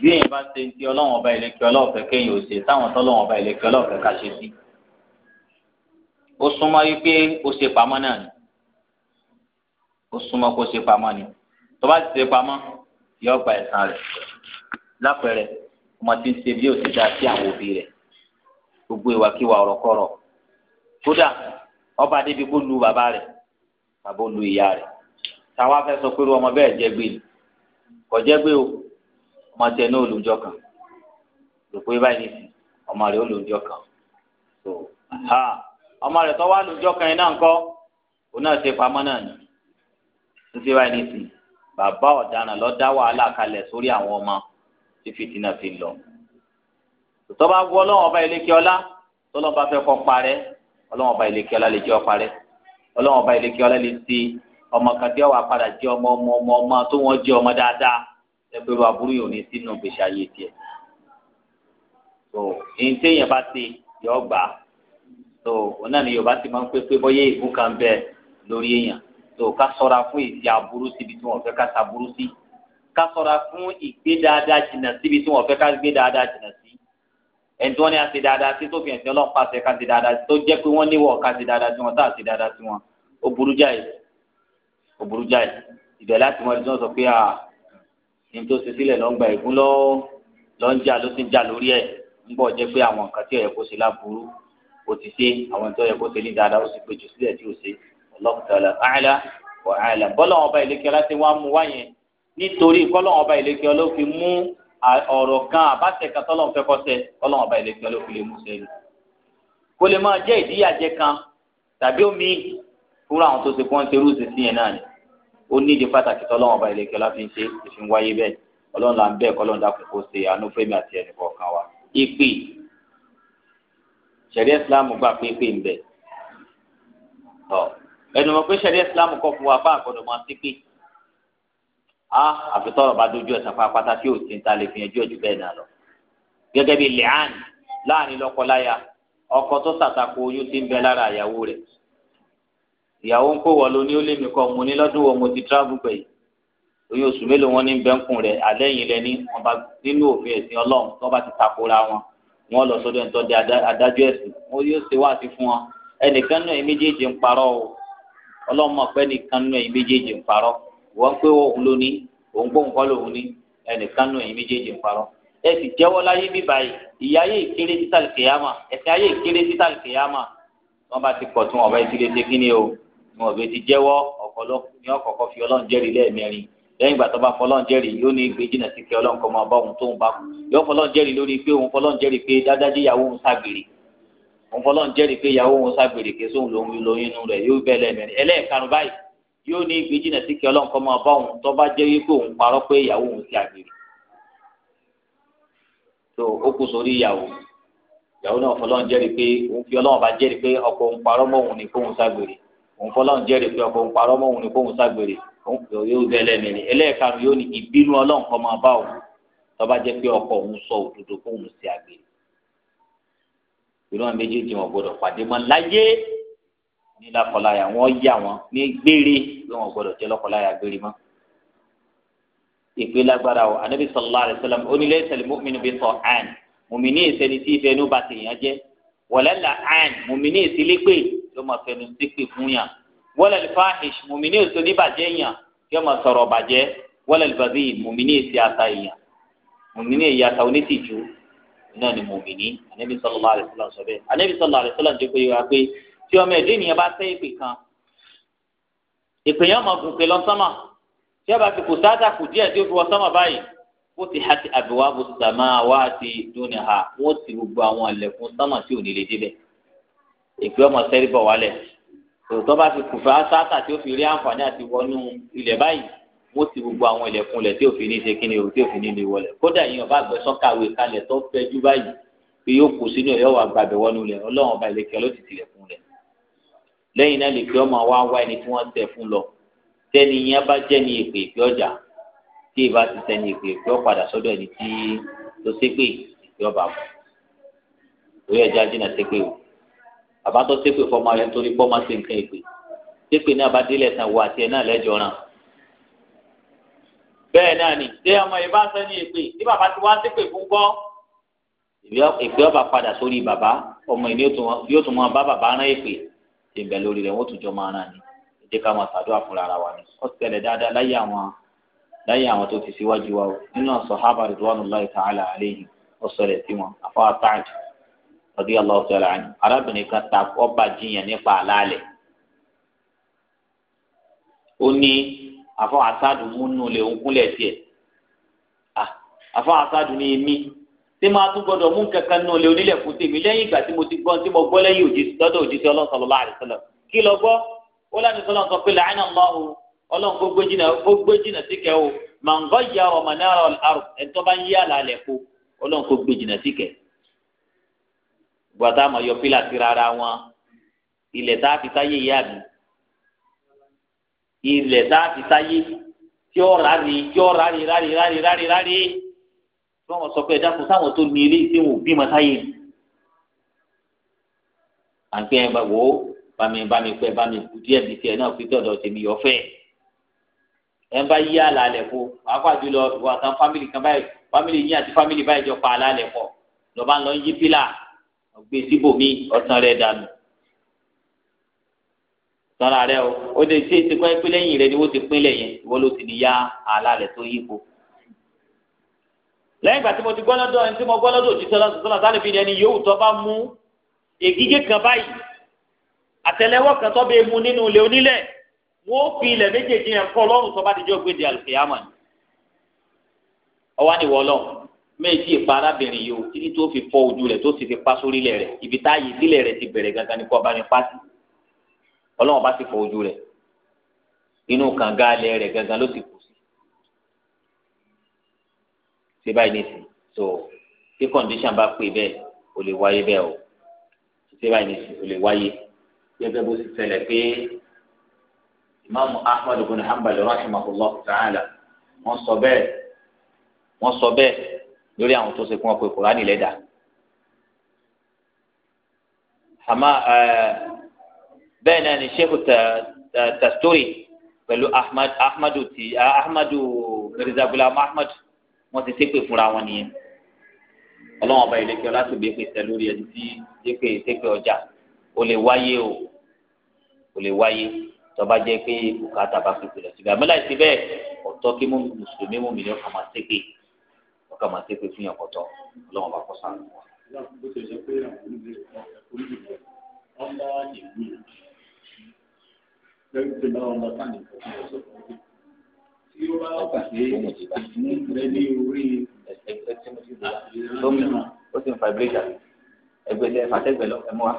bí èèyàn bá ṣe ń ti ọlọ́wọ́n ọba ìlẹ́kẹ́ ọlọ́ọ̀fẹ́ kéèyàn ò ṣe táwọn tọ́lọ́wọ́n ọba ìlẹ́kẹ́ ọlọ́ọ̀fẹ́ ká ṣe sí. ó súnmọ́ yí pé ó ṣe pamọ́ náà ni ó súnmọ́ kó ṣe pamọ́ ni tó bá ti ṣe pamọ́ yóò gba ẹ̀san rẹ̀ lápẹẹrẹ ọmọ tí ń ṣe bí ó ti dá sí àwọn òbí rẹ̀ gbogbo ìwàkiwà ọ̀rọ̀kọ̀rọ̀ kódà ọba débi kó lu bàbá rẹ̀ bàbá ó lu ìyá rẹ̀ táwa fẹ́ sọ pé ọmọ bẹ́ẹ̀ jẹ́ gbé kò jẹ́ gbé o ọmọ tiẹ̀ náà olùjọ kan rò pé báyìí nìsín ọmọ rẹ̀ olùjọ kan so ọmọ rẹ̀ tó wá olùjọ kan yẹn náà ń kọ́ òun náà ṣe pamọ́ náà ni ń ṣe báyìí nìsín bàbá ọ̀daràn lọ dá wàhálà kalẹ̀ sórí àwọn ọmọ tí fìtínà fi lọ tó bá wọ ọlọ́wọ́n ọba ilé kí ọlá tọ́lọ́ba fẹ́ kọ́ parẹ́ ọlọ́wọ́n ọba ilé kí ọlá lè jẹ́ ọ parẹ́ ọlọ́wọ́n ọba ilé kí ọlá lè ti ọmọ kan tí ó wà padà jẹ́ ọmọ ọmọ ọmọ ọmọ tó wọ́n jẹ́ ọmọ dáadáa ẹgbẹ́ wa burú yòó ní sínú gbèsè ayé tiẹ̀ so èyí téèyàn bá ti yọ gbà so òun náà ni Yorùbá ti máa ń pé pé bọ́yé ìbú kan bẹ lórí èèyàn so ká sọra fún ìsì aburú síbi tí wọ́n fẹ́ ká saburú sí ká sọra fún ìgbé dáadáa jìnnà síbi tí wọ́n fẹ́ ká gbé dáadáa jìnnà sí ẹni tí wọ́n ní àti dáadáa sí tó fi ẹ̀sìn ọlọ́pàá àti ẹ̀ka ti dáadáa tó jẹ́ pé wọ́n níwọ̀ ká ti dáadáa sí wọn tá àti dáadáa sí wọn ó burú jáì ó burú jáì ìbẹ̀ láti wọn ẹni sọ pé nítorí sísílẹ̀ ló ń gba ìgún lọ́wọ́ ló ń jà ló ti ń jà lórí ẹ̀ ń bọ̀ jẹ́ pé àwọn nǹkan tí ó yẹ kó ṣe láburú ó ti ṣe àwọn tó yẹ kó ṣe ní dáadáa ó sì pé jù sílẹ̀ tí ó ṣe ọlọ́kùtàlà àìlà wà àìlà bọ́lá ọba ìlékè láti wá mú wáyé nítorí bọ́lá ọba ìlékè ló fi mú ọ̀rọ̀ kan àbáṣe kan tọ́lọ́ fẹ́ kọ́sẹ̀ bọ́lá ọba ìlékè ló fi lè mú ni ó ní ìdí pàtàkì tọ́lọ́wọ́n ọba ilé kẹlá fi ń ṣe ìfín wáyé bẹ́ẹ̀ ọlọ́run là ń bẹ́ẹ̀ kọ́lọ́run dákun kó ṣe àánú fẹ́mi àti ẹnì kọ̀ọ̀kan wa. ìpè ṣẹ̀rí islam gbà pé pé ń bẹ̀ tọ́ ẹnu mọ̀ pé ṣẹ̀rí islam kọ́ fún wa bá àgbọ̀dọ̀ máa ti pè á àfi tọ́rọ̀ bá dojú ẹ̀sán pápátá tí ò ti ń ta lè fi ẹjọ́ jù bẹ́ẹ̀ náà lọ ìyàwó ń kó wọ lóní ó lé mi kọ mo ní lọ́dún wo mo ti travel pẹ̀ yìí oyún oṣù mélòó wọn ní bẹ́ńkùn rẹ̀ alẹ́ yìí lẹ́ni wọn bá nínú òfin ẹ̀sìn ọlọ́run tó bá ti takora wọn wọn lọ sọ́dọ̀ ẹni tó di adájọ́ ẹ̀sìn wọn yóò ṣe wá sí fún wọn ẹnìkan náà ẹ̀yìn méjèèjì ń parọ́ o ọlọ́run mọ̀ pé ẹnìkan náà ẹ̀yìn méjèèjì ń parọ́ wọ́n pé òun ló ní òun gbóhùn kọ́ lòun ní ẹnìkan náà ẹ̀yìn méjèèjì ń parọ́ ẹ sì jẹ́wọ́ láyé bí báyìí ìyá ayé ìkéré títàlì kìyàmà ẹ̀sìn ayé ìkéré títàlì kìyàmà wọ́n bá ti pọ̀ tún ọ̀bá wọn ò bẹ ti jẹ́wọ́ ọ̀pọ̀lọpọ̀ ní ọ̀kọ̀ọ̀kọ̀ fi ọlọ́run jẹ́rìí lẹ́ẹ̀mẹrin lẹ́yìn ìgbà tó bá fọlọ́n jẹ́rìí yóò ní ìgbé jìnnà sí kí ọlọ́run kọ́ máa bá òun tóun bá kú yóò fọlọ́n jẹ́rìí lórí pé òun fọlọ́n jẹ́rìí pé dájájú ìyàwó òun ságbèrè òun fọlọ́n jẹ́rìí pé ìyàwó òun ságbèrè ké sóun lòun lóyún inú rẹ̀ yóò bẹ́ẹ̀ lẹ́ẹ̀mẹrin ẹlẹ́ẹ̀karùn báyìí yóò ní ìgbé jìnnà sí kí ọlọ́run kọ́ máa bá òun náà fọlọ́n jẹ́rìí pé òun fi ọlọ́run bá jẹ́rìí pé ọkọ òun parọ́ mọ́ òun ni kóun ságbèrè òun fọlọ́run jẹ́rìí pé ọkọ̀ òun parọ́ mọ́ òun ni kóun ságbèrè yóò bẹ lẹ́nu ni ẹlẹ́ẹ̀kan yóò ní ìbínú ọlọ́run kọ́ máa bá òun tọ́ba jẹ́ pé ọkọ̀ òun sọ òdodo kóun sí àgbèrè ìlú àwọn méjèèjì wọn gbọ́dọ̀ pàdé mọ́ láyé ní lákọláyà wọn yà wọn ní gbére pé wọn gbọ́dọ̀ jẹ́ lọ́kọláyà gbére mọ́ ìpè lágbára o anabi sallallahu alayhi wa sallam onílé ìsẹlẹ mọmìnì bí sọ àn mọmìnì ìsẹni tí ìfẹ́ inú bá ti yàn jẹ wọlé là àn mọmìnì ìsílẹ pé yóò máa fẹnu sípè fún yàn wọlé lifa mùmíní èso níbàjẹ́ yàn yóò máa sọ̀rọ̀ bàjẹ́ wọlé lifa bíi mùmíní èsì ata yàn mùmíní èyí ata onítìjú náà ni mùmíní anabi sallallahu alaihi wasallam sọ bẹ́ẹ̀ anabi sallallahu alaihi wasallam jẹ́ pé yóò wá pé tí ọmọ ẹ̀dẹ́ nìyẹn bá sẹ́ ìpè kan ìpè yẹn máa gùn pé lọ sọ́mà tí a bá ti kù sáà kù díẹ̀ tí ó fi wọ sọ́mà báyìí ó ti hàti àbẹ̀wò àbòsàmà wá àti dúnìhà wọ́n ti gbogbo àwọn ẹ̀lẹ́kùn sọ́mà tí ò ní lè débẹ̀ ìgbé ọmọ sẹ́rí bọ̀ wálẹ̀ tòótọ́ bá ti kùfẹ́ asáàtà tí ó fi rí àǹfààní àti wọnú ilẹ̀ báyìí wọ́n ti gbogbo àwọn ilẹ̀kùn lẹ̀ tí òfin ní ṣe kí ni o tí òfin ní lè wọlẹ̀ kódà yìnyín ọba àgbẹ̀ sọ́kàwé kalẹ̀ tó fẹ́jú báyìí pé yóò kù sínú ẹ̀yọ́ wa gbàgbẹ́ wọnú lẹ̀ ọlọ́run ọba ìlẹ̀kẹ́ ló ti tilẹ̀kùn lẹ̀ lẹ́yìn náà lè fi ọmọ wa wá ẹni tí wọ́n tẹ̀ fún lọ tẹ́ni yẹn bá jẹ́ ní èpè ìpè ọjà tí ìbá ti tẹ́ni èpè ìpè ọ padà sọ́dọ̀ ẹni tí ló ṣépè ìpè ọba fún orí ẹja jìnnà ṣépè o bàbá tó ṣépè fọmọ rẹ̀ nítorí pọ́ọ́mà sí nǹkan èpè ṣépè náà bá délẹ̀ tán wọ àti ẹ̀ náà lẹ́jọ́ ràn bẹ́ẹ̀ náà ni ṣé ọmọ yìí bá ń sẹ́ni èpè tí bàbá ti wá ṣépè fún kọ́ èpè ọba padà sórí bàbá ọmọ yìí yóò tún máa bá bàbá rán èpè ìbẹ̀ lórí rẹ̀ wọ́n tún jọ máa rán ni ìdí ká máa ṣàdúrà fúnra ara wa ni ó ṣẹlẹ̀ dáadáa láyé àwọn láyé àwọn tó ti síwájú wa o nínú sàhábà ridwanullahi ta'ala alayhi ó ṣẹlẹ̀ sí wọn àfọwọ́ táàdì radiyallahu ta'ala anhu arábìnrin kan ta ọba jiyàn nípa àlàálẹ̀ ó ní afọ asadu múnú lè ń kúnlẹ̀ tiẹ̀ afọ ah, asadu ní èmi tí máa tún gbọdọ̀ mú kankan náà lè onílẹ̀ fún tèmi lẹ́yìn ìgbà tí mo ti gbọ́n tí mo gbọ́ lẹ́yìn òjì lọ́dọ̀ òjíṣẹ́ Ọlọ́run sallallahu alaihi wasallam kí lọ gbọ́ ó lẹ́nu sọlọ́n sọ pé làánà Allahu Ọlọ́run kó gbé jìnnà kó gbé jìnnà síkẹ́ o màǹgọ́ yà ọmọ náírà ọ̀rọ̀ ẹ̀ńtọ́ bá ń yí àlàálẹ̀ kó Ọlọ́run kó gbé jìnnà síkẹ́ gbọ́dọ̀ àmọ́ yọ pílà sí rárá wọn ilẹ̀ tá a fi táyé yá mi ilẹ̀ tá a fi táyé tí ó rárí tí ó rárí rárí rárí rárí rárí tí wọ́n sọ pé ẹ̀dá fún sáwọn tó ní ilé ìsìn wò bímọ táyé àgbẹ̀ ẹ̀ bá wò ó bámi bámi pẹ́ bámi kú díẹ̀ bíi tiẹ̀ náà fi tọ̀dọ̀ tèmi yọ fẹ́ẹ̀ ẹn bá yí àlàalẹ̀ fo pàápàá jùlọ ìwà tán fámìlì kan báyìí fámìlì yín àti fámìlì báyìí jọ pa àlàalẹ̀ pọ̀ lọ́ba ń lọ yí pílà ọgbẹ síbòmí ọtàn rẹ dànù tọ́ra rẹ o ó lè ṣe é ti kọ́ ẹ rẹ ni wọ́n ti pínlẹ̀ yẹn ìwọ ló ti ní yá àlá rẹ tó yípo lẹ́yìn ìgbà tí mo ti gbọ́ lọ́dọ̀ ẹni tí mo gbọ́ lọ́dọ̀ òjì sọlá sọlá sálẹ̀ fi ẹni yòówù tó bá mú ègígé kan báyìí àtẹ́lẹwọ́ kan tó bẹ́ẹ̀ mú nínú ilé onílẹ̀ wọ́n fi ilẹ̀ méjèèjì yẹn kọ́ tó bá ti jọ gbé di àlùkìyàmọ̀ ni ọwọ́ ni wọ́n lọ́rùn méjì ìparábìnrin yìí o títí tó fi fọ́ ojú rẹ̀ tó sì fi pa sórí ilẹ̀ rẹ̀ ibi tá yìí sílẹ̀ rẹ̀ ti bẹ̀rẹ̀ gangan ni kò bá mi pa sí ọlọ́run bá sì fọ́ ojú rẹ̀ inú kànga alẹ́ rẹ̀ gangan ló sì kù sí ṣé báyìí nìsín so tí condition bá pè bẹ́ẹ̀ ó lè wáyé bẹ́ẹ̀ o ṣé báyìí nìsín ó lè wáyé gẹ́gẹ́ bó ti ṣẹlẹ̀ pé imaamu ahmad bin hanbal rahimahullah ta'ala wọ́n sọ bẹ́ẹ̀ wọ́n sọ bẹ́ẹ̀ lórí àwọn tó ṣe kí wọn pe kùránì lẹ́dà àmọ́ bẹ́ẹ̀ náà ni sheikh tastori pẹ̀lú ahmadu ti ahmadu mirza gulam ahmad wọ́n ti ṣépè fúnra wọn nìyẹn ọlọ́wọ́n ọba ìlẹ́kẹ́ láti bí pèsè lórí ẹni tí ṣépè ṣépè ọjà ó lè wáyé o ó lè wáyé tọba jẹ́ pé bùkátà bá pèsè lọ síbi àmì láì sí bẹ́ẹ̀ ọ̀tọ̀ kí mùsùlùmí mùmí ni ọkàn máa ṣépè ká máa ṣépè fún yàn kọtọ Ọlọ́run bá kọ sáà lọ. bó ṣe ṣe pé àwọn olùdíje wọn bá ìlú lẹ́yìn tí báwọn bá sáà nìkan fún ọ̀sọ̀ tí ó bá wà pé ìpínlẹ̀ ní orí lómìnà ó sì ń fa ìbílẹ̀ ìjàlè ẹgbẹ́ ilé ẹ̀fà wa.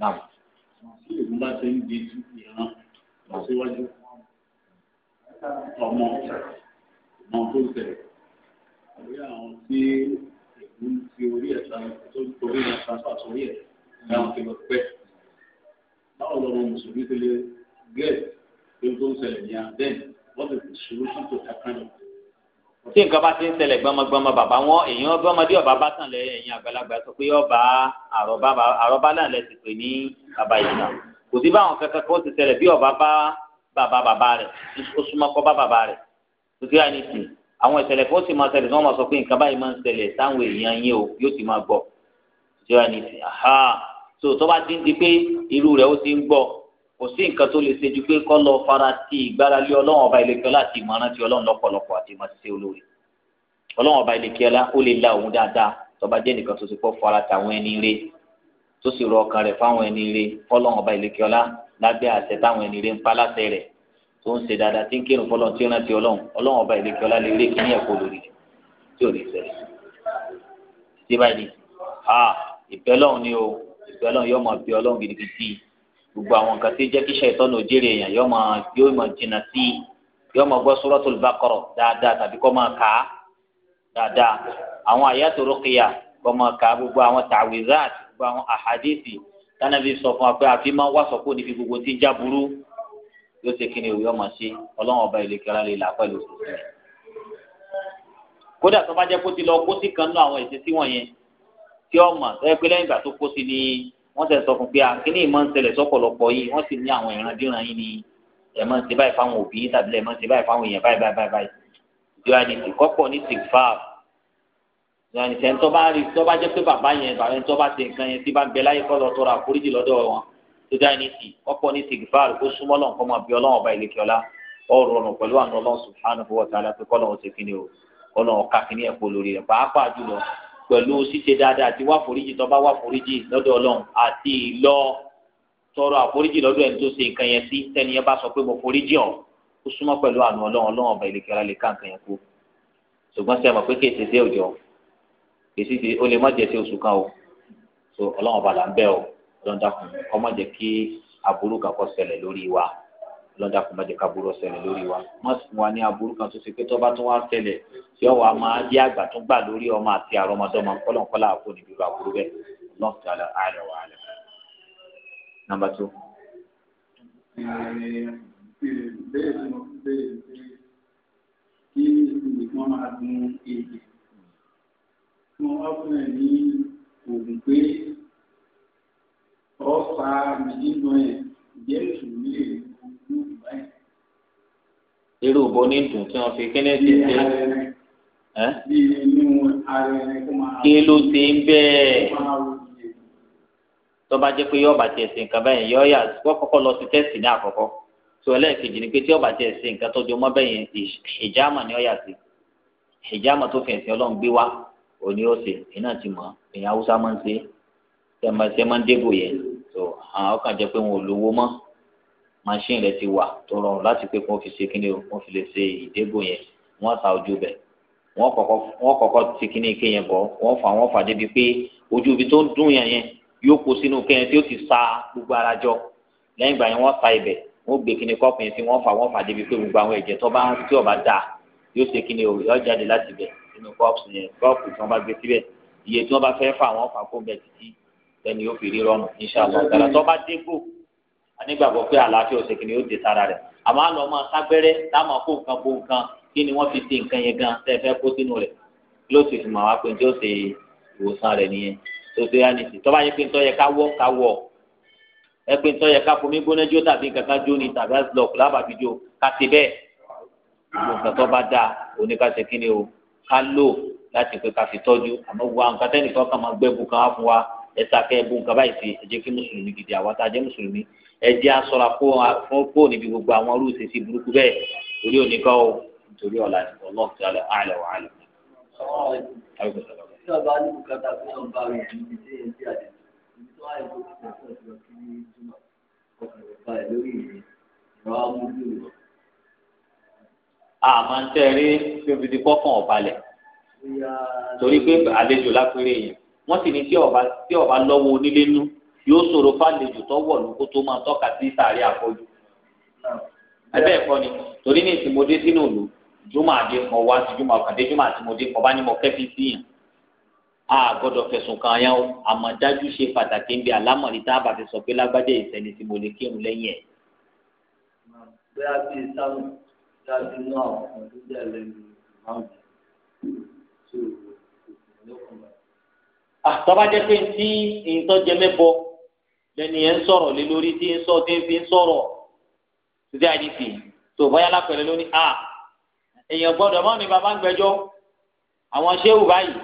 Naam ogun bá ṣe ń di ìran lọ síwájú ọmọ ọmọ tó tẹ̀lé orí àwọn tí ègún ti orí ẹ̀ sáré tó ń torí ẹ̀ sáfà sórí ẹ̀ láwọn ti lọ pẹ́ báwo lọ́mọ mùsùlùmí ti lè gẹ̀ẹ́sì tó ń tó ń ṣẹlẹ̀ ní abẹ́ẹ̀ wọ́n ti fi ṣòro sí tó kankan lọ tí nǹkan bá ti ń ṣẹlẹ̀ gbọmọgbọmọ bàbá wọn èèyàn bọ́mọdé ọba bá tàn lẹ ẹ̀yìn àgbàlagbà sọ pé ọba àròbá náà lẹ ti pè ní bàbá ìlànà kò sí báwọn kankan kó ti ṣẹlẹ̀ bí ọba bá bàbá bàbá rẹ̀ ó súnmọ́ kọ́ bá bàbá rẹ̀ kò sí àyè nìsín àwọn ìṣẹ̀lẹ̀ kó sì máa ṣẹlẹ̀ tí wọ́n máa sọ pé nǹkan báyìí máa ń ṣẹlẹ̀ sáwọn èèyàn yín o yóò ti máa gbọ́ kò sí àyè nìsín aha so tó bá ti ń di pé irú rẹ̀ ó ti ń gbọ́ kò sí nǹkan tó lè ṣe ju pé kọ́ lọ fara ti ìgbára lé ọlọ́run ọba ìlẹ̀kẹ́ láti ìmọ̀ràn ti ọlọ́run lọ́pọ̀lọpọ̀ àti ìmọ̀ ṣiṣẹ́ olóore ọlọ́run ọba ìlẹ̀kẹ́ ọlá ó lè la òun dáadáa tó bá jẹ́ nìkan tó ti pọ̀ fara tàwọn ẹni rẹ̀ tó sì rọ ọkàn rẹ̀ fáwọn ẹni rẹ̀ fọlọ́n ọba ìlẹ́kẹ́ọ́lá lábẹ́ àṣẹ táwọn ẹni rẹ̀ ń pa láṣẹ rẹ̀ tó ń ṣe dáadáa tí ń kírun fọlọ́n tí ó rántí ọlọ́run ọlọ́run ọba ìlẹ́kẹ́ọ́lá lè rí kíní ẹ̀kọ́ lórí rẹ̀ tí ò ní sẹ́yìn. ṣé báyìí a ìfẹ́ lọ́run ni o ìfẹ́ lọ́run yóò máa bí ọlọ́run gidigidi gbogbo àwọn nǹkan tí jẹ́ kí ṣàìtọ́nù òjèrè èèyàn yóò máa yóò máa jìnnà sí yóò máa gbọ́ Suratul Baqara dáadáa tàbí kó máa kà á dáadáa àwọn àyàtò rúkìyà kó máa kà á gbogbo àwọn tàwízáàtì gbogbo àwọn àhàdìsì tánàbí sọ fún wa pé àfi máa wá sọkó níbi gbogbo tí já burú yóò ṣe kí ni òye ọmọ ṣe ọlọ́run ọba ìlẹ̀kẹ̀rẹ́ lè là pẹ̀lú òṣìṣẹ́ rẹ̀. kódà tó bá jẹ́ kó ti lọ kó sí kan nínú àwọn ìṣesí wọ̀nyẹn tí ọmọ tó yẹ pé lẹ́yìn ìgbà tó kó sí ni wọ́n tẹ̀ sọ fún pé àkíní ìmọ̀ ń ṣẹlẹ̀ sọ́pọ̀lọpọ̀ yìí wọ́n sì ní àwọn ìrandíran yìí ni ẹ̀ máa ń ṣe báyìí fáwọn òbí tàbí ẹ̀ máa ń ṣe báyìí fáwọn èèyàn báyìí báyìí báyìí ìjọba ní lọ́ni tẹ́ ńtọ́ bá rí tọ́ bá jẹ́ pé bàbá yẹn bàbá yẹn tọ́ bá ṣe nǹkan yẹn tí bá ń bẹ láyé kọ́ lọ tọrọ àforíjì lọ́dọ̀ wọn tó dá ní sí ọ̀pọ̀ ní tìgbàlù kó súnmọ́ lọ́n kọ́ máa bí ọlọ́run ọba ìlẹ́kẹ́ ọlá ọ̀rọ̀ ọ̀nà pẹ̀lú àwọn ọlọ́run subhanahu wa ta'ala pé kọ́lọ́run ṣe kíni o ọlọ́run ká kíni ẹ̀kọ́ lórí rẹ̀ pàápàá jùlọ pẹ̀lú ṣíṣe dáadáa àti wá foríjì tó bá wá foríjì lọ́dọ̀ ọlọ́run àti ìlọ tọrọ àforíjì lọ́dọ̀ ẹni tó ṣe nǹkan yẹn sí tẹ́ni yẹn bá sọ pé mo foríjì ọ̀ ó súnmọ́ pẹ̀lú àwọn ọlọ́run ọlọ́run ọba ìlẹ́kẹ́ ọlá lè ká nǹkan yẹn kú ṣùgbọ́n sẹ́yìn pé kí dé òjò èsì ti ó lè má jẹ́ sí oṣù kan o so ọlọ́run ọba là ń bẹ̀ o ọlọ́run dákun kọ́ má jẹ́ kí aburú kakọ́ ṣẹlẹ̀ lórí wa ọlọ́run dákun má jẹ́ kí aburú ṣẹlẹ̀ lórí wa má sì fún wa ní aburú kan tó ṣe pé tọ́ba tó wá ṣẹlẹ̀ tí ó wàá máa yí àgbà tó gbà lórí ọmọ àti àrọmọdọ́mọ kọ́lọ́nkọ́lá àpò níbi ìlú aburú bẹ́ẹ̀ ọlọ́run tó àlọ́ àlọ́ wa àlọ́. number two. kí nìkan máa dun èyí tí wọ́n wá fún ẹ̀ ní oògùn pé ọ̀fà mìíràn ẹ̀ jẹ́ ìṣòwò lè lu báyìí. irú bo ní dùn tí wọ́n fi kíní ti ṣe é. kí ló ti ń bẹ́ẹ̀ tọ́ba jẹ́ pé yọ̀ọ̀bà tiẹ̀ sí nǹkan bẹ́ẹ̀ yọ̀ yà wọ́n kọ́kọ́ lọ sí tẹ́sì ní àkọ́kọ́ tó ẹlẹ́ẹ̀kejì ni pé tí yọ̀ọ̀bà tiẹ̀ sí nǹkan tó jọ mọ́ bẹ́ẹ̀ ìjàmà ni ọ̀yà sí ìjàmà tó fi ẹ̀sìn ọlọ́run gbé wá òní ọ̀sẹ̀ iná ti mọ̀ èèyàn haúsá máa ń ṣe ṣe máa ń débò yẹn tó àwọn ọkàn jẹ́ pé wọn ò lówó mọ́ machine rẹ ti wà tó rọrùn láti pé kí fi ṣe kíni o wọ́n fi lè ṣe ìdébò yẹn wọ́n ta ojú bẹ̀ wọ́n kọ́kọ́ ti kíni ike yẹn bọ̀ wọ́n fà wọ́n fà débi pé ojú ibi tó ń dùn yẹn yẹn yóò kó sínú kẹ́yìn tí ó ti sa gbogbo ara jọ lẹ́yìn ìgbà yẹn wọ́n sa ibẹ̀ wọ́n gbé kíni kọ́ọ̀pù yẹn sí wọ́n fà wọ́n fà débi pé gbogbo àwọn ẹ̀jẹ̀ tó bá tí ó bá yóò ṣe kíni o yóò jáde láti bẹ̀ sínú kọ́ọ̀pù yẹn kọ́ọ̀pù tí wọ́n bá gbé síbẹ̀ iye tí wọ́n bá fẹ́ fà wọ́n fà kó bẹ̀ títí lẹ́ni yóò fi rí rọrùn inṣàlá ọ̀tàlá tó bá dé gbò anígbàgbọ́ pé àlàáfíà ọ̀sẹ̀ kìnìún yóò dé sára rẹ̀ àmọ́ àlọ́ máa sábẹ́rẹ́ táwọn akó nǹkan bó nǹkan kí ni wọ́n fi ṣe nǹkan yẹn gan tẹ́ fẹ́ kó sínú rẹ̀ ló sì fi màá pé tí ó ṣe ìwòsàn rẹ̀ nìyẹn tó ṣe á nìsí tó bá yẹ pé ń tọ́yẹ ká wọ́ ká wọ̀ ẹ pé ń tọ́yẹ ká fomi gbóná jó tàbí kankan jó ni tàbí àti lábàbí jó ká ti bẹ́ẹ̀ gbogbo nǹkan tó bá dáa oníkàṣe kí ni o ká lò láti pé ká fi tọ́jú àmọ́ gbogbo àwọn nǹkan tẹ́nìkan kan máa gbẹ́bù kan á fún wa ẹ sàkẹ́ ẹ̀bù nǹkan báyìí sí ẹ jẹ́ kí mùsùlùmí gidi àwa tá a jẹ́ mùsùlùmí ẹ jẹ́ aṣọra fún kó níbi gbogbo àwọn irú ìṣesí burúkú bẹ́ẹ̀ torí òní o nítorí ọ̀la ọlọ́run ti alẹ́ àlẹ́ wà á lọ. Thank you àmọ́ ń tẹ́rí tóbi ti kọ́ fún ọ̀ba lẹ̀ torí pé àlejò lápẹ̀rẹ̀ yẹn wọ́n sì ní tí ọba tí ọba lọ́wọ́ onílé nú yóò ṣòro fàlejò tó wọ̀ lóko tó máa tọ́ka sí sàárẹ̀ àfọ́jú ẹbẹ́ ẹ̀kọ́ ni torí ní ìsìnmọdé sínú òlu jùmọ̀ àdé mọ̀ wá sí jùmọ̀ àkàndé jùmọ̀ àtìmọ̀dé ọba ni mo kẹ́fí sí yàn a gbọ́dọ̀ fẹ̀sùn kan yẹn o àmọ́ dájú ṣe pàtàkì ń bẹ alámọ̀rí tá a bá fi sọ pé lágbájá ìsẹ́ni tí mo lè kírun lẹ́yìn ẹ̀. bóyá bíi sáwọn ṣáájú náà ọ̀pọ̀ tó jẹ́ lẹ́nu ìmáàmù ah, tó lọ́kùnrin. àtọ́bá jẹ́ pé tí ìtọ́jẹ mẹ́bọ lẹ́ni ẹ̀ ń sọ̀rọ̀ lé lórí tí ń sọ tí ń fi ń sọ̀rọ̀ tó dé àdìsí tó báyà lápẹ̀rẹ̀ lónìí à ah, èèyàn gbọ́dọ̀ mọ́ ni bàbá ń gbẹ́jọ́ àwọn ṣéwù báyìí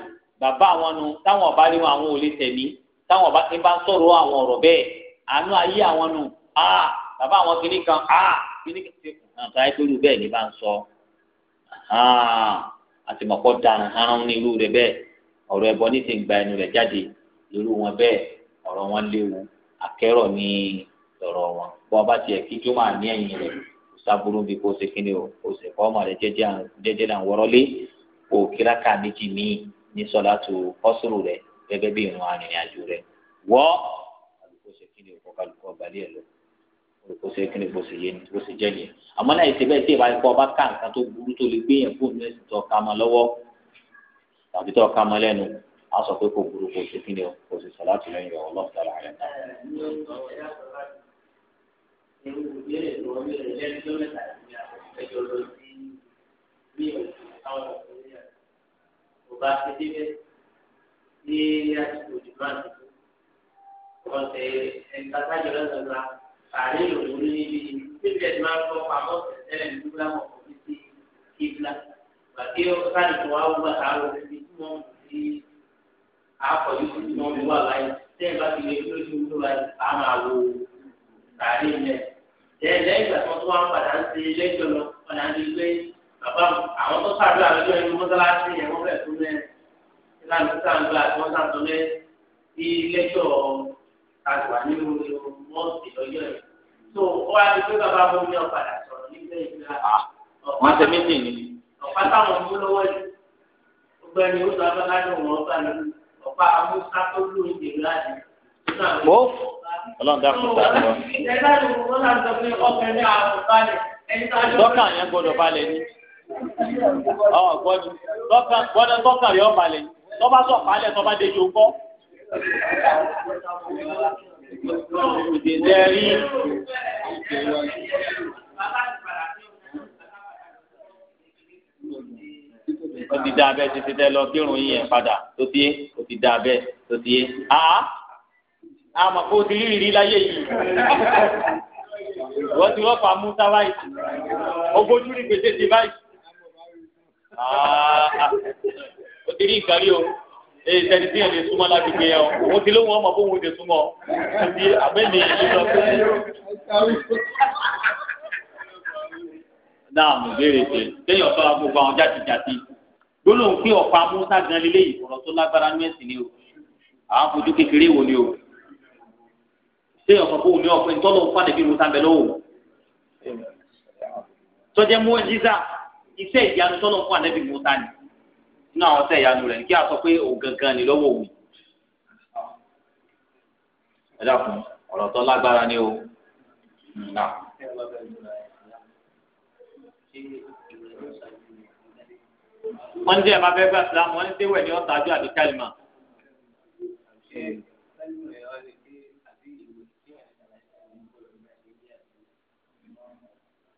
bàbá àwọn nu táwọn ọba rí wọn àwọn ò lè tẹ̀mí táwọn ọba ti bá ń sọ̀rọ̀ àwọn ọ̀rọ̀ bẹ́ẹ̀ àánú ayé àwọn nu à ah, bàbá àwọn kìnnìkan à kíní kìí nǹkan ayélujára bẹ́ẹ̀ ni bá ń sọ àti mọ̀kọ́ darun haran ní irú rẹ bẹ́ẹ̀ ọ̀rọ̀ ẹ̀bọ ní ti ń gba ẹnu rẹ̀ jáde irú wọn bẹ́ẹ̀ ọ̀rọ̀ wọn léwu akẹ́rọ̀ ní ọ̀rọ̀ wọn bọ́ ọba tiẹ̀ kí jọ́ máa ní ẹ̀yìn rẹ̀ kò sábúrú bí kò ṣe kíni o kò sì kọ́ ọmọ rẹ̀ jẹ́jẹ́ náà wọ́rọ́lé kò kíráka méjì míì ní sọ́látù kọ́sùrù rẹ̀ gẹ́gẹ́ bí ìrun arìnrìn àjò rẹ̀ wọ́ àbíkó ṣe kíni o kọ́ kálukọ́ balẹ̀ lọ kó ṣe kí ni kó ṣe yé ni kó ṣe jẹ́ nìyẹn àmọ́ náà ètè bẹ́ẹ̀ tí ìbá ikọ́ ọba ká nǹkan tó burú tó lè gbé yẹn fún mi ẹ̀sìn tó ọ̀ka mọ́ lọ́wọ́ tàbí tó ọ̀ka mọ́ lẹ́nu á sọ pé kò burú kó ṣe kí ni kó ṣe tó lẹ́yìn ọ̀rọ̀ lọ́sọ̀ ara náà. ọba ti dé bẹ́ẹ̀ ní àsìkò ọ̀sẹ̀ ẹ̀ka sájọ lọ́sọ̀ọ́ tààrí lòlò níbi níbi ẹ̀dùn máa ń kọ́ pamọ́ tẹ̀lé ní dúró àwọn ọkọ̀ mi sí kíbla gbàgbé ọ̀sán ìwà wúwa àárọ̀ níbi tí wọ́n ti àkọ́jú sí wọn mi wà láyé tẹ́ẹ̀ bá ti lè dúró sí wúlò láyé a máa wo tààrí ilẹ̀ tẹ́ẹ̀ lẹ́yìn ìgbà tí wọ́n tún wá ń padà ń ṣe lẹ́jọ́ lọ padà ń di pé bàbá àwọn tó sàdúrà lọ́jọ́ ẹni mọ́sálásí yẹn wọ́n fẹ́ẹ̀ tún mẹ́rin ni. àgbà nínú mọ́ọ̀sì lọ́yọ̀ yìí. tó ó wá ní pé bàbá mo ní ọ̀padà sọ̀rọ̀ nígbà ìgbà. Ah, wọ́n ṣe mítìn ni. ọ̀pá táwọn mú lọ́wọ́ yìí ọgbẹ́ni ó sọ abájáde wọn ọba ni ọ̀pá amúsá tó lù ú ìdè láti. mo ọlọ́run dá kó sáà lọ. dọ́kà yẹn gbọ́dọ̀ balẹ̀ ni. ọ̀ gbọ́dọ̀ dọ́kà yẹn ọ̀ balẹ̀ ni. tọ́ bá sọ̀ Ìdẹ̀rí. ó ti da abẹ títí tẹ lọ kírun yín yẹn padà tó tiẹ̀ ó ti da abẹ tó tiẹ̀ a a mọ kó o ti rírì rí láyé yìí wọ́n ti wọ́n fa musa báyìí ó bójú rí gbèsè ti báyìí ó ti rí nǹkan rí o ee sẹni tí yẹn lè súnmọ́ láti gbé yẹn o òun ti lóun ọmọ fún òun lè súnmọ́ àti àbẹ́lẹ̀ yìí lọ pé. náà mo béèrè pé kéèyàn sọ gbogbo àwọn jàtijàti gbólóhùn pé ọ̀pá musa gan lélẹ̀ yìí ọ̀rọ̀ tó lágbára ní ẹ̀sìn ni o àwọn fojú kékeré wo ni o kéèyàn sọ pé òun ní ọ̀pẹ́ ntọ́lọ́ fún àdébí musa bẹ̀ lọ́wọ́ tọ́jẹ́ mú ẹ́ jíza iṣẹ́ ìyanu tọ́lọ́ fún àdébí musa ni nínú àwọn ọ̀sẹ̀ ìyanu rẹ̀ ní kí a sọ pé òun gangan ni lọ́wọ́ òun. ẹ dákun ọ̀rọ̀ tó lágbára ni o. wọ́n ní ẹ̀ máa fẹ́ gbà sílámù wọ́n ní sẹ́wẹ̀ ni ọ̀tá àjọ àbí kálímà.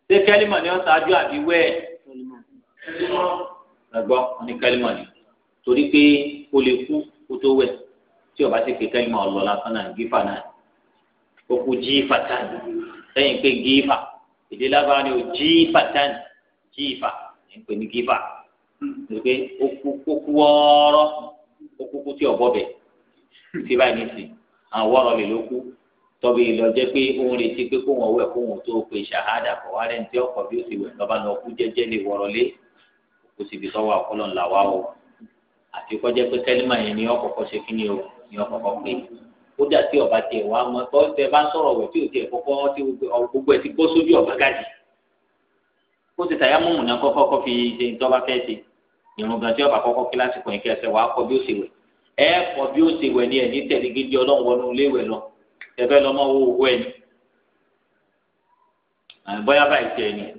ṣé kálímà ni ọ̀tá àjọ àbí wẹ́ẹ̀? ẹgbọ́ wọn ní kálímà ni torí pé o lè kú kó tó wẹ̀ tí o bá ti pè kálímà ọ̀lọ́ lásán náà gífà náà o kú jífà tán lẹ́yìn pé gífà èdè lábára ni o jífà tán jífà ní pè ní gífà torí pé o kú kókú ọ̀rọ̀ o kú kú tí o bọ̀ bẹ̀ tí báyìí ní àwọn ọ̀rọ̀ lè ló kú tọ́bi ìlọ́jẹ́ pé òun retí pé kóun ọ̀wẹ́ kóun tó pe ṣàhádà kọ̀wárẹ́ ọkọ̀ bí ó ti wẹ̀ lọ́ba lọ kú jẹ́jẹ́ lè wọ̀rọ̀ lé kó síbi tọ́wọ́ àkọlọ́ ńlá wa o àti kọjá pé kẹ́límà yẹn ni ọkọ̀ọ̀kọ̀ ṣe kí ni o ni ọkọ̀ọ̀kọ̀ pé kódà tí ọba tiẹ̀ wá mọ tọ́ tẹ bá ń sọ̀rọ̀ wẹ̀ tí ò tiẹ̀ kọ́kọ́ tí gbogbo ẹ̀ ti bọ́ sójú ọba gàdì kó ti tàyà mọ̀mù náà kọ́kọ́ kọ́ fi ṣe ìtọ́ba fẹ́ ṣe ìrùn gan tí ọba kọ́kọ́ kí lásìkò yẹn kí ẹsẹ̀ wàá kọ́ bí ó ṣe wẹ̀ ẹ kọ́ bí ó ṣe wẹ̀ ni ẹ̀ ní tẹ̀lé gidi ọlọ́run wọnú ilé ìwẹ̀ lọ tẹ̀fẹ́ lọ́mọ owó owó ẹ̀ ni báyìí tẹ̀ ẹ̀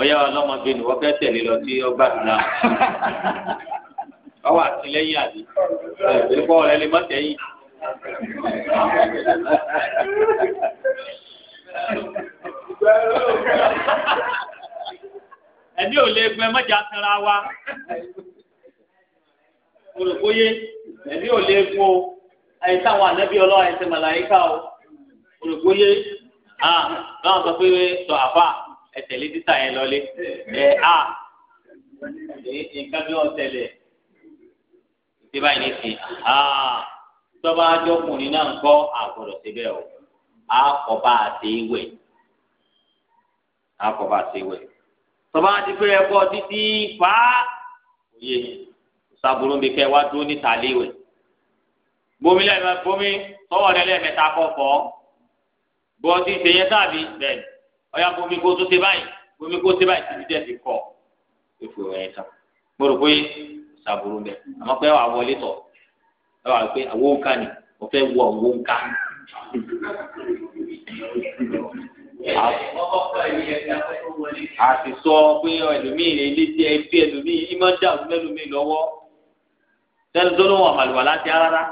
ọyá wa lọmọdé ni wọn fẹ́ tẹ̀lé lọ sí ọgbà ìlà ọwọ́ àtìlẹ́yìn àbí ẹgbẹ́ ọ̀rẹ́ lè má tẹ̀yìn. ẹni ò lè gbẹ mọjà sanra wa olùkóyè ẹni ò lè gbọ ẹni táwọn ànábì ọlọ́wà ẹsẹ̀ màláyíká o olùkóyè ah báwọn sọ pé tọ̀ àfà ẹ tẹ̀lé títà yẹn lọlé ẹ a nǹkan bí wọ́n tẹ̀lé ṣé báyìí ní sìn a tọ́ba ajọ́kùnrin náà ń kọ́ àgbọ̀dọ̀ síbẹ̀ o a kọ̀ bá a ṣe é wẹ̀ a kọ̀ bá a ṣe é wẹ̀ tọ́ba ti pé ẹ̀kọ́ títí fà á òye bí kẹ́ wá dúró níta léwẹ̀ bomi lẹ́ẹ̀mẹ́ bomi tọwọ́ rẹ lẹ́ẹ̀mẹ́ta kọ̀ fọ́ bọ́ọ̀dì ṣe yẹn sábì bẹ́ẹ̀ ọ̀yà bomi kó tó ṣe báyìí bomi kó ṣe báyìí títí dẹ́ẹ̀fi kọ́ èfò ẹ̀ tán mo rò pé ṣàbùrù bẹ́ẹ̀ àmọ́ pé wàá wọlé tọ̀ ẹ wàá pé àwo ń ká ni mo fẹ́ wọ àwo ń a sì sọ pé ẹlòmíì ilé tí ẹ bí ẹlòmíì ìmọ̀ dàrú mẹ́lòmíì lọ́wọ́ sẹ́ni tó ló wọ̀ màlúwà láti rárá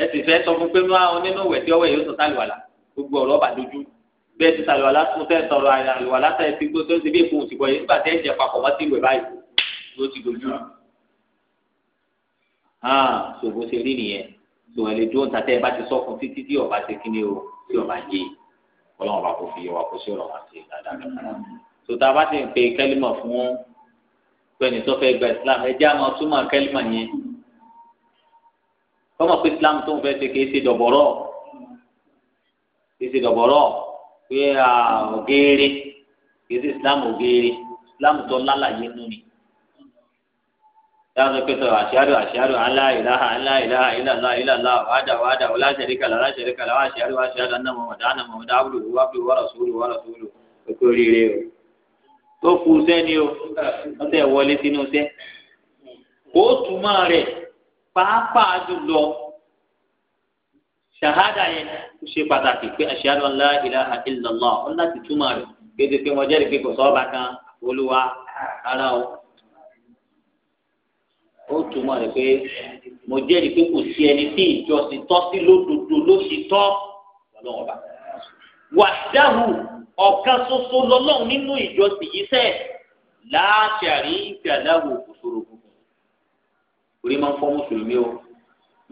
ẹ sì fẹ́ sọ fún pé nínú ìwẹ̀ tí ọwọ́ yìí ó sọ sálùwàlà gbogbo ọ̀rọ̀ bàdójú bẹ́ẹ̀ ti sàlùwà látún fẹ́ tọrọ àlùwà látà ẹ̀ fi gbó tó ń sebí èkó òsì bọ̀yẹ̀ nígbà tẹ́ ẹ̀ jẹ́ papọ̀ wọ́n ti wẹ̀ báyìí ló ti dojú. hàn ah, ṣògo ṣe rí nìyẹn ṣòwò ẹ̀ lè dúró níta tẹ́ ẹ bá ti sọ fún títí tí ọba ṣe kíní o tí ọba yé ọlọ́run bá kò fi yẹ kó sí ọ̀rọ̀ wa ṣe dáadáa. sọta bá ti ń pe kẹ́límọ̀ fún pẹ̀lú tó fẹ́ gba Islam ẹ jẹ́ àmọ́ túmọ̀ pé ògèrè kìí sí islam ògèrè islam tó lálàyé nù ni dáhùn pé tó àṣàrò àṣàrò alá ìlàhà alá ìlàhà ìlàlá ìlàlá wàdà wàdà wàlá ṣẹríkàlà wàlá ṣẹríkàlà wàá ṣàrò wàá ṣàrò àná mọ̀mọ́dá àná mọ̀mọ́dá àbúrò wàbúrò wàrà sóòlù wàrà sóòlù kókó rírẹ o tó kú sẹ́ni o wọ́n tẹ̀ wọlé sínú sẹ́ kóòtù máa rẹ̀ pàápàá jùlọ ṣahada yẹn ó ṣe pàtàkì pé ashhadu an la ilaha illallah ọ̀n láti túmọ̀ rẹ̀ kéde pé mo jẹ́rìí pé kò sọ́ ọba kan olúwa ara o ó túmọ̀ rẹ̀ pé mo jẹ́rìí pé kò sí ẹni tí ìjọsìn tọ́ sí lódodo ló sì tọ́ ọlọ́run ọba wàdáhù ọ̀kan ṣoṣo lọ́lọ́run nínú ìjọsìn yìí sẹ́ẹ̀ láṣàrí ìfẹ́ aláwọ̀ òṣòro gbogbo orí máa ń fọ́ mùsùlùmí o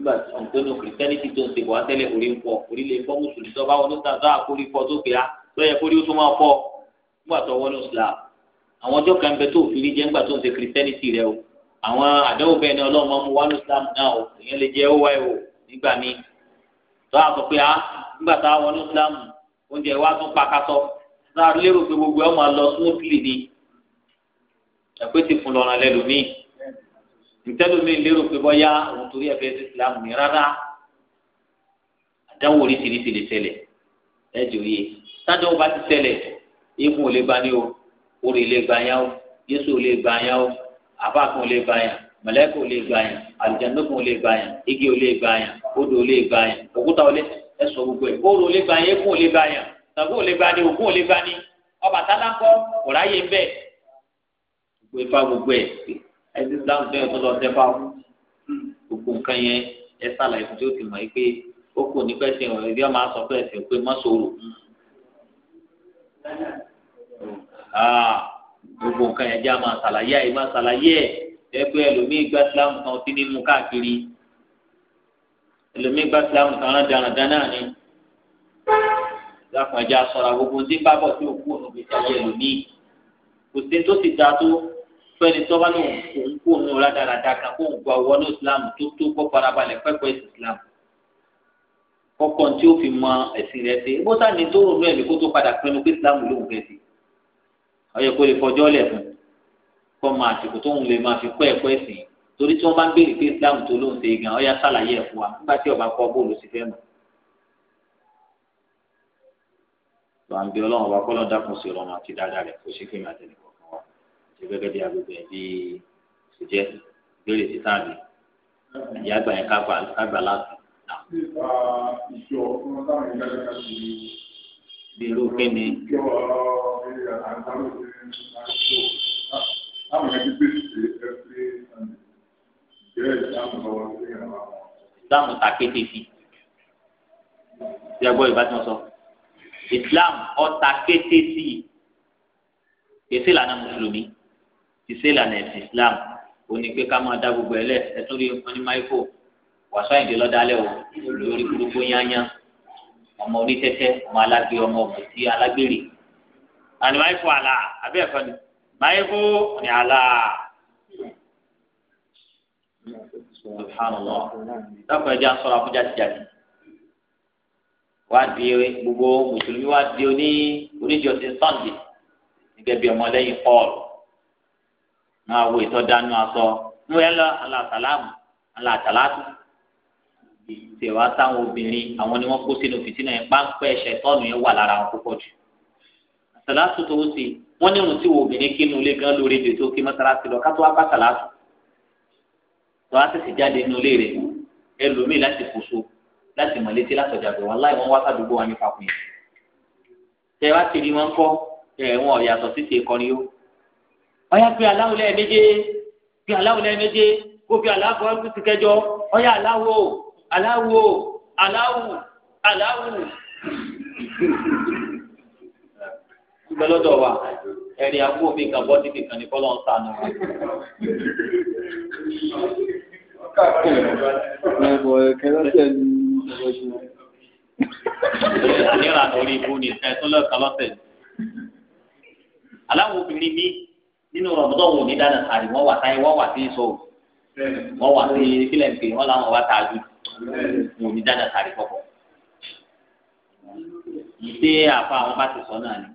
nígbà tí wọn tó ní kìrìtẹ́nìtì tó ń ṣe bọ̀ átẹ́lẹ̀ orí ń pọ̀ orí lè fọ́ mùsùlùmí tó bá wọn tó ta sáà kórí pọ̀ tó gbéra tó yẹ kórí ó tó máa pọ̀ nígbà tó wọ́n ní islam àwọn ọjọ́ kan bẹ tó òfin jẹ́ nígbà tó ń ṣe kìrìtẹ́nìtì rẹ o àwọn àdánwò bẹ́ẹ̀ ni ọlọ́run máa mú wá ní islam náà o ìyẹn lè jẹ́ owó ẹ̀wò nígbà míì tó a sọ pé a ah, nígbà tá a wọ ní islam oúnjẹ wa tún pa kásọ náà lérò pé gbogbo ẹ̀ máa lọ smoothly ni ẹ̀pẹ́ ti fún lọ́ràn lẹ́lòmíì ntẹ́lómi lérò pé bọ́yá òun torí ẹ̀fẹ́ sí islam ní rárá àdáwò oríṣiríṣi lè ṣẹlẹ̀ ẹ̀jẹ̀ òye tájọ́ bá ti ṣẹlẹ̀ eégún ò lè gba ní o orí lè gba yá o yéṣu ò lè gba yá o àbá kan ò lè gba yá mọ̀lẹ́kù ò lè gba yá àlùjànnúkù ò lè gba yá igi ò lè gba odò ò lè gba òkúta ò lè ẹsọ gbogbo ẹ̀ kóòrò ò lè gba yá ò lè gba yá ò lè gba ní ò lè gba ní Ọbàtálá ńkọ́ bẹ́ẹ̀ gbogbo ifá gbogbo ẹ̀ ẹsẹ islam tó yẹ kó lọ sẹfà o gbogbo nǹkan yẹn ẹ sàlàyé fún tí ó ti mọ̀ pé ó kò ní pẹ́sẹ̀ ọ̀rọ̀ ìdí ọmọ asọ pé ẹsẹ̀ pé má sòrò gbogbo nǹkan yẹn jẹ́ àmọ́ àṣàlàyé àyè má ṣàlàyé ẹ̀ ẹgbẹ́ ẹlòmíì gba islam kan tí ní káàkiri ẹlòmíì gba islam kan rán darandan náà ni lápẹ̀jẹ́ asọ̀ra gbogbo tí bábọ̀ tí òkú òun fi ṣàyẹ̀ ẹlòmíì kò sí tó ti da tó fẹ́ni tó bá ní òun kó òun ọ̀la dáradára kan kó òun gba owó ní islam tó tó kó farabalẹ̀ pẹ́pẹ́ islam kọ́kọ́ tí ó fi mọ ẹ̀sìn rẹ̀ ṣe bó sáà ní tó ronú ẹ̀mí kó tó padà pinnu pé islam lóun fẹ́ sí ọyẹ kó lè fọjọ́ lẹ̀ fún kọ́ mọ àsìkò tó ń lè máa fi kọ́ ẹ̀kọ́ ẹ̀sìn torí tí wọ́n bá ń béèrè pé islam tó lóun ṣe gan ọyà sàlàyé ẹ̀ fún wa nígbà tí ọba kọ́ bóòlù sí ṣe gẹ́gẹ́ bí agbègbè bí ṣe jẹ́ ìbéèrè sí sáàbì ìyá àgbà yẹn kágbà láti. bí irú kí ni. ìsìláàmù takété sí ìyàgbọ́ ìbátan sọ ìsìláàmù ọ̀takété sí èsì lànà mùsùlùmí ìṣèlànà ẹ̀sìn Islam òní pé ká máa dá gbogbo ẹ̀ lẹ̀ ẹ̀tún rí wọn ní máìkò wàásù àyìndé lọ́dálẹ̀ o lórí gbogbo yányá ọmọ onítẹ́tẹ́ ọmọ alágbé ọmọ ọ̀bùtí alágbèrè àní máìkò àlà abẹ́ ẹ̀fọ́ ni máìkò ní àlà subhanallah dákun ẹja sọ̀rọ̀ afúnjá ti jáde wàá di gbogbo mùsùlùmí wàá di oní oníjọsìn Sunday gẹ́gẹ́ bí ọmọlẹ́yìn Paul máa wo ìtọ́dánú aṣọ níwẹ̀ lọ aláàtàlámù aláàtàlátù tẹ̀wá táwọn obìnrin àwọn ni wọ́n kó sínú fìtínà yẹn páńpẹ́ ẹ̀ṣẹ̀ tọ́ọ̀nù yẹn wà lára wọn púpọ̀ jù àtàlátù tó ń ṣe wọ́n ní irun tí wo obìnrin kí inú ilé gan lórí èdè tó kí mọ́sálásí lọ kátó wá bá àtàlátù tó wá tẹ̀sí jáde inú ilé rẹ̀ ẹlòmíì láti fòso láti mọ̀létí látọ̀jà bẹ̀ wọ́n láì wọ́n ọyá pé aláwo lẹ́ẹ̀méje pé aláwo lẹ́ẹ̀méje kó pé aláwo ọdún ti kẹjọ ọyá aláwo aláwo aláwo aláwo gbẹlọdọ wa ẹrí akó mi kan bọ́ níbi kan ní kọ́ lọ́n sànù wa. Ẹ̀bọ̀ ẹ̀kẹ́ lọ́sẹ̀ ní ìwọ̀sùn. Àníra lórí ibú ni ẹ̀ tó lọ́ọ̀kan lọ́sẹ̀. Aláwọ̀ obìnrin mi nínú rọ̀bùtọ̀ wò ní dáná sáré wọ́n wà táyé wọ́n wà sí sọ wọ́n wà sí kílẹ̀ ń pè wọ́n làwọn wà tájú wò ní dáná sáré kọ̀kọ̀. ìṣe àfa àwọn bá ti sọ náà ni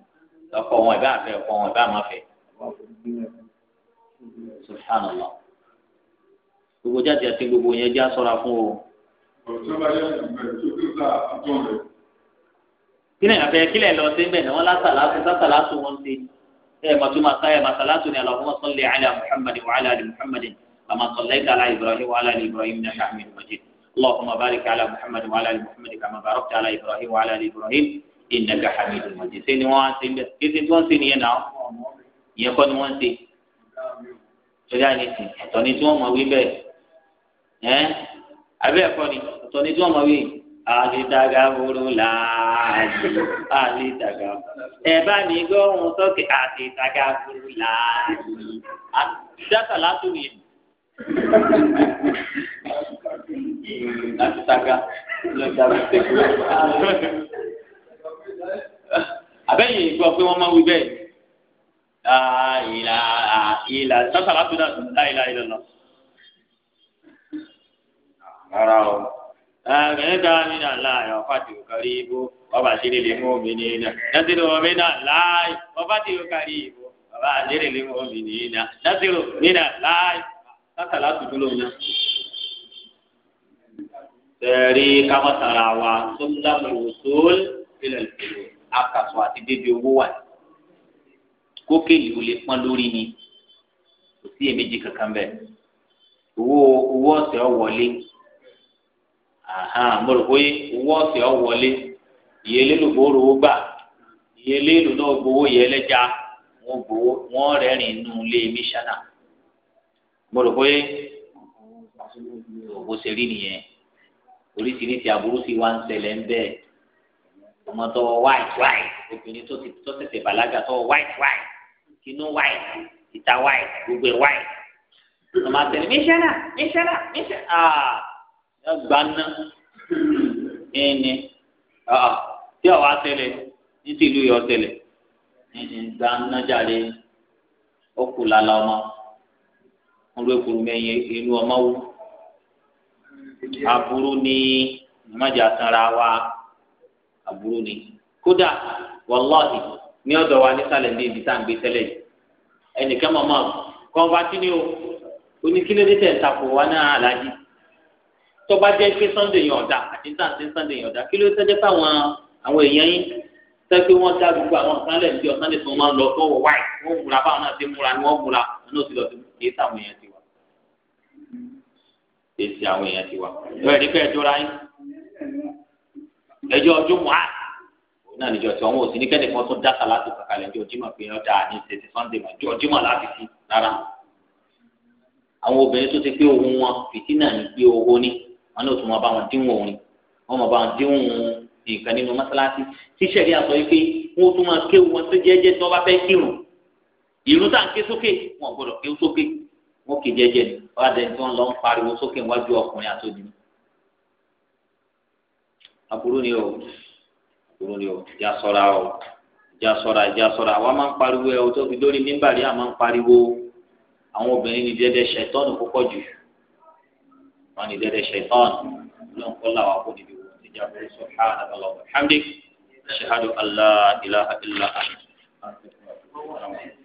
ọkọ wọn ìbá àfẹ ọkọ wọn ìbá àmàfẹ. subhanallah gbogbo jáde àti gbogbo yẹn já ṣọ́ra fún o. kílẹ̀ àfẹ kílẹ̀ lọ sí bẹ́ẹ̀ ni wọ́n lásàlá fún ti ẹ ma tó ma ká ẹ ma salatu ni alahuma salli ala muhammadin wa ala ali muhammadin kama sallaita ala ibrahim wa ala ali ibrahim innaka hamidun majid allahumma barik ala muhammadin wa ala ali muhammadin kama barakta ala ibrahim wa ala ali ibrahim innaka hamidun majid sẹni wọn ṣe ń bẹ kéde tí wọn ṣe nìyẹn náà ìyẹn kọ́ ni wọn ṣe lórí àyẹsì ọ̀tọ̀ ni tí wọn mọ wí bẹ́ẹ̀ ẹ abẹ ẹkọ ni ọ̀tọ̀ ni tí wọn mọ wí àtìtàgàbùrù làásì àtìtàgàbùrù ẹ bá ní gbóhùn sókè àtìtàgàbùrù làásì àtìtàgà látò yìí àtìtàgà lọ́jàbù tẹ̀kú. àbẹ́yìn gbọ́ pé wọ́n máa wí bẹ́ẹ̀ ìlà ìlà sọ́sàlátò náà láìláìlọ́nà ẹ̀ẹ́dá mi náà láàyè ọ̀fàtì òkàrí ibò ọba àṣírí lè mú omi nìyína násìrò omi náà láàyè ọ̀fàtì òkàrí ibò ọba àṣírí lè mú omi nìyína násìrò mi náà láàyè látàlá tuntun lòun náà. sẹ́ẹ̀rí kámọ́sára wa tó ń dábòbò sóòlù sílẹ̀ lòdì àkàtù àti bébí owó wà ní. kókèlì ò lè pọ́n lórí ni kò sí èméjì kankan bẹ́ẹ̀ owó owó ọ̀sẹ̀ ọ̀ wọlé. Aha, rò pé owó ọ̀sẹ̀ ọ̀ wọlé ìyẹn lélu bó rówó gbà ìyẹn lélu náà gbowó ìyẹn ẹlẹ́ja wọn gbowó wọn rẹ́rìn inú ilé mísánà mo rò pé òwò ṣe rí nìyẹn oríṣiríṣi aburú sí wa ń ṣẹlẹ̀ ń bẹ́ẹ̀ ọmọ tó white white obìnrin tó ti tó tẹ̀sẹ̀ bàlágà tó white white inú white ìta white gbogbo white ọmọ àtẹnumíṣẹ́ náà míṣẹ́ náà míṣẹ́ náà. Ah, gbaná ẹni tí ọwọ́ àtẹlẹ ní tìlú yọ tẹlẹ gbaná jáde ọkù ọmọ olú ekuru mẹyìn inú ọmọ wù aburú ni mọ̀jà sanra wa aburú ni kódà ní ọdọ wa nísàlẹ̀ ní ibi tá à ń gbé ẹnìkan mọ̀ mọ́ ni o ń takò wa tọba jẹ́ pé sunday yẹn ọdá àti tá à ń ṣe sunday yẹn ọdá kí ló tẹjẹ fáwọn àwọn èèyàn yín tẹ pé wọ́n dá gbogbo àwọn nǹkan lẹ níbi ọsán lè tó máa ń lọ tó wọ wáì wọ́n múra báwọn náà ti múra ni wọ́n múra ní òsì lọ sí kìí táwọn èèyàn ti wà èsì àwọn èèyàn ti wà lọ ẹni pé ẹjọ́ ra yín ẹjọ́ ọdún wà òun náà níjọ tí wọ́n ò sí ní kẹ́nìkan tó dá sàlátì kàkàlẹ̀ ẹjọ́ jimá pé ọjà ní ìṣẹ̀tì sunday mà ẹjọ́ jimá láti sí rárá àwọn obìnrin tó ti pé ohun wọn fìtínà ní pé owó ní wọn ní òtún wọn bá wọn dínwó orin wọn mọ bá wọn dínwó nǹkan nínú mọ́sálásí tí sẹ́ẹ̀dí àsọ yìí pé wọn ó tún máa kéwu wọn tó jẹ́jẹ́ tí wọ́n bá fẹ́ kírun ìrun tá à ń ké sókè wọn gbọdọ̀ ké sókè wọn kì í jẹ́jẹ́ ni wọn á dẹni tí wọn lọ ń pariwo sókè wájú ọkùnrin àti obìnrin. aburú ni o aburú ni o ìjà ṣọ́ra o ìjà ṣọ́ra ìjà ṣọ́ra àwa máa ń pariwo ẹ o tó fi lórí mímbàrí à máa ń pariwo àwọn obìnrin ni dẹ́dẹ́ ṣẹ̀tọ́nù púpọ̀ jù وأن يدير الشيطان لهم قل الله وأقول به استجابه سبحانك اللهم وبحمدك أشهد أن لا إله إلا أنت